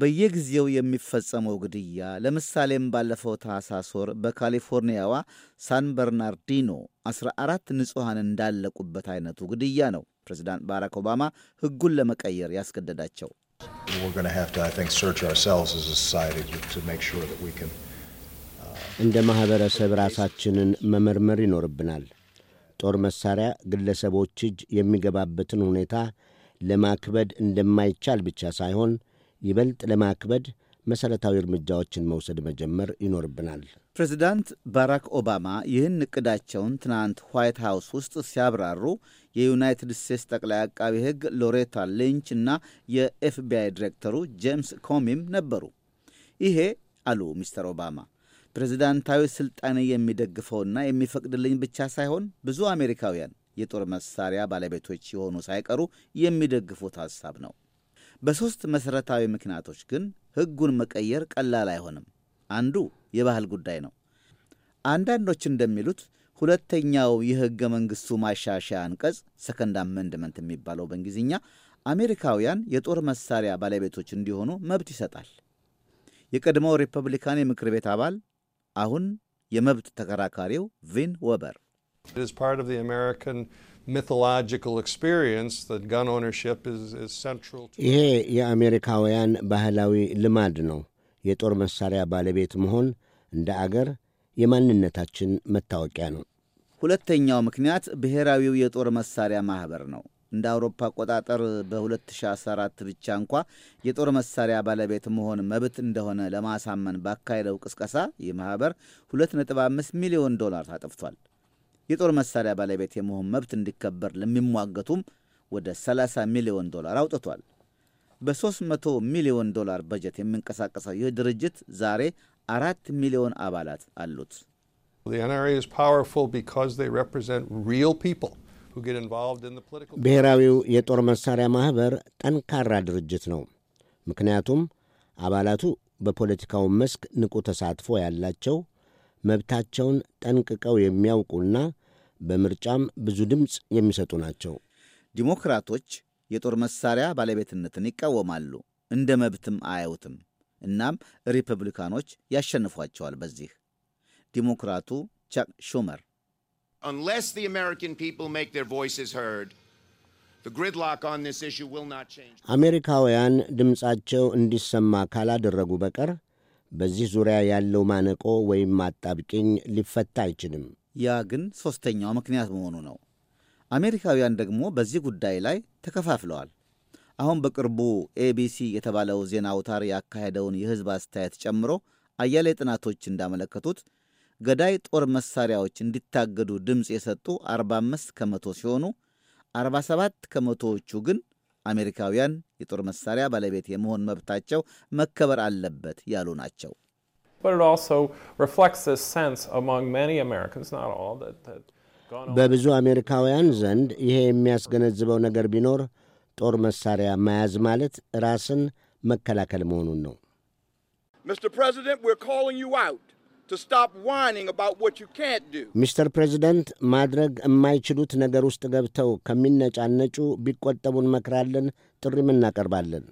በየጊዜው የሚፈጸመው ግድያ ለምሳሌም ባለፈው ታህሳስ ወር በካሊፎርኒያዋ ሳን በርናርዲኖ 14 ንጹሐን እንዳለቁበት አይነቱ ግድያ ነው ፕሬዚዳንት ባራክ ኦባማ ሕጉን ለመቀየር ያስገደዳቸው። uh, እንደ ማኅበረሰብ ራሳችንን መመርመር ይኖርብናል። ጦር መሳሪያ ግለሰቦች እጅ የሚገባበትን ሁኔታ ለማክበድ እንደማይቻል ብቻ ሳይሆን ይበልጥ ለማክበድ መሠረታዊ እርምጃዎችን መውሰድ መጀመር ይኖርብናል። ፕሬዚዳንት ባራክ ኦባማ ይህን እቅዳቸውን ትናንት ዋይት ሃውስ ውስጥ ሲያብራሩ የዩናይትድ ስቴትስ ጠቅላይ አቃቢ ሕግ ሎሬታ ሌንች እና የኤፍቢአይ ዲሬክተሩ ጄምስ ኮሚም ነበሩ። ይሄ አሉ ሚስተር ኦባማ ፕሬዝዳንታዊ ስልጣኔ የሚደግፈውና የሚፈቅድልኝ ብቻ ሳይሆን ብዙ አሜሪካውያን የጦር መሳሪያ ባለቤቶች የሆኑ ሳይቀሩ የሚደግፉት ሐሳብ ነው። በሦስት መሠረታዊ ምክንያቶች ግን ሕጉን መቀየር ቀላል አይሆንም። አንዱ የባህል ጉዳይ ነው። አንዳንዶች እንደሚሉት ሁለተኛው የሕገ መንግሥቱ ማሻሻያ አንቀጽ ሰከንድ አመንድመንት የሚባለው በእንግሊዝኛ አሜሪካውያን የጦር መሳሪያ ባለቤቶች እንዲሆኑ መብት ይሰጣል። የቀድሞው ሪፐብሊካን የምክር ቤት አባል አሁን የመብት ተከራካሪው ቪን ወበር ይሄ የአሜሪካውያን ባህላዊ ልማድ ነው። የጦር መሣሪያ ባለቤት መሆን እንደ አገር የማንነታችን መታወቂያ ነው። ሁለተኛው ምክንያት ብሔራዊው የጦር መሣሪያ ማኅበር ነው። እንደ አውሮፓ አቆጣጠር በ2014 ብቻ እንኳ የጦር መሳሪያ ባለቤት መሆን መብት እንደሆነ ለማሳመን ባካሄደው ቅስቀሳ ይህ ማኅበር 2.5 ሚሊዮን ዶላር አጥፍቷል። የጦር መሳሪያ ባለቤት የመሆን መብት እንዲከበር ለሚሟገቱም ወደ 30 ሚሊዮን ዶላር አውጥቷል። በ300 ሚሊዮን ዶላር በጀት የሚንቀሳቀሰው ይህ ድርጅት ዛሬ አራት ሚሊዮን አባላት አሉት። The NRA is powerful because they represent real people. ብሔራዊው የጦር መሣሪያ ማኅበር ጠንካራ ድርጅት ነው። ምክንያቱም አባላቱ በፖለቲካው መስክ ንቁ ተሳትፎ ያላቸው፣ መብታቸውን ጠንቅቀው የሚያውቁና በምርጫም ብዙ ድምፅ የሚሰጡ ናቸው። ዲሞክራቶች የጦር መሣሪያ ባለቤትነትን ይቃወማሉ፣ እንደ መብትም አያዩትም። እናም ሪፐብሊካኖች ያሸንፏቸዋል። በዚህ ዲሞክራቱ ቻክ ሹመር Unless the American people make their voices heard, the gridlock on this issue will not change. አሜሪካውያን ድምፃቸው እንዲሰማ ካላደረጉ በቀር በዚህ ዙሪያ ያለው ማነቆ ወይም ማጣብቂኝ ሊፈታ አይችልም። ያ ግን ሦስተኛው ምክንያት መሆኑ ነው። አሜሪካውያን ደግሞ በዚህ ጉዳይ ላይ ተከፋፍለዋል። አሁን በቅርቡ ኤቢሲ የተባለው ዜና አውታር ያካሄደውን የሕዝብ አስተያየት ጨምሮ አያሌ ጥናቶች እንዳመለከቱት ገዳይ ጦር መሳሪያዎች እንዲታገዱ ድምፅ የሰጡ 45 ከመቶ ሲሆኑ 47 ከመቶዎቹ ግን አሜሪካውያን የጦር መሳሪያ ባለቤት የመሆን መብታቸው መከበር አለበት ያሉ ናቸው። በብዙ አሜሪካውያን ዘንድ ይሄ የሚያስገነዝበው ነገር ቢኖር ጦር መሳሪያ መያዝ ማለት ራስን መከላከል መሆኑን ነው። Mr. President, ሚስተር ፕሬዚደንት ማድረግ የማይችሉት ነገር ውስጥ ገብተው ከሚነጫነጩ ቢቆጠቡን እንመክራለን፣ ጥሪም እናቀርባለን።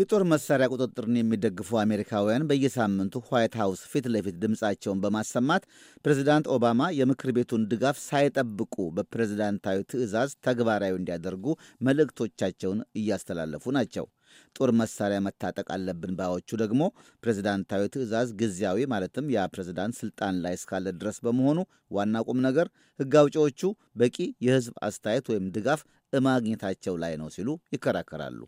የጦር መሳሪያ ቁጥጥርን የሚደግፉ አሜሪካውያን በየሳምንቱ ዋይት ሃውስ ፊት ለፊት ድምፃቸውን በማሰማት ፕሬዚዳንት ኦባማ የምክር ቤቱን ድጋፍ ሳይጠብቁ በፕሬዚዳንታዊ ትዕዛዝ ተግባራዊ እንዲያደርጉ መልእክቶቻቸውን እያስተላለፉ ናቸው። ጦር መሳሪያ መታጠቅ አለብን ባዮቹ ደግሞ ፕሬዝዳንታዊ ትዕዛዝ ጊዜያዊ ማለትም ያ ፕሬዝዳንት ስልጣን ላይ እስካለ ድረስ በመሆኑ ዋና ቁም ነገር ሕግ አውጪዎቹ በቂ የህዝብ አስተያየት ወይም ድጋፍ ማግኘታቸው ላይ ነው ሲሉ ይከራከራሉ።